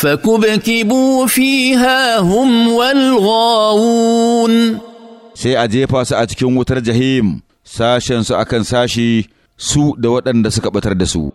فكبكبوا فيها هم والغاوون sai a jefa su a cikin wutar jahim sashensu akan sashi su da waɗanda suka ɓatar da su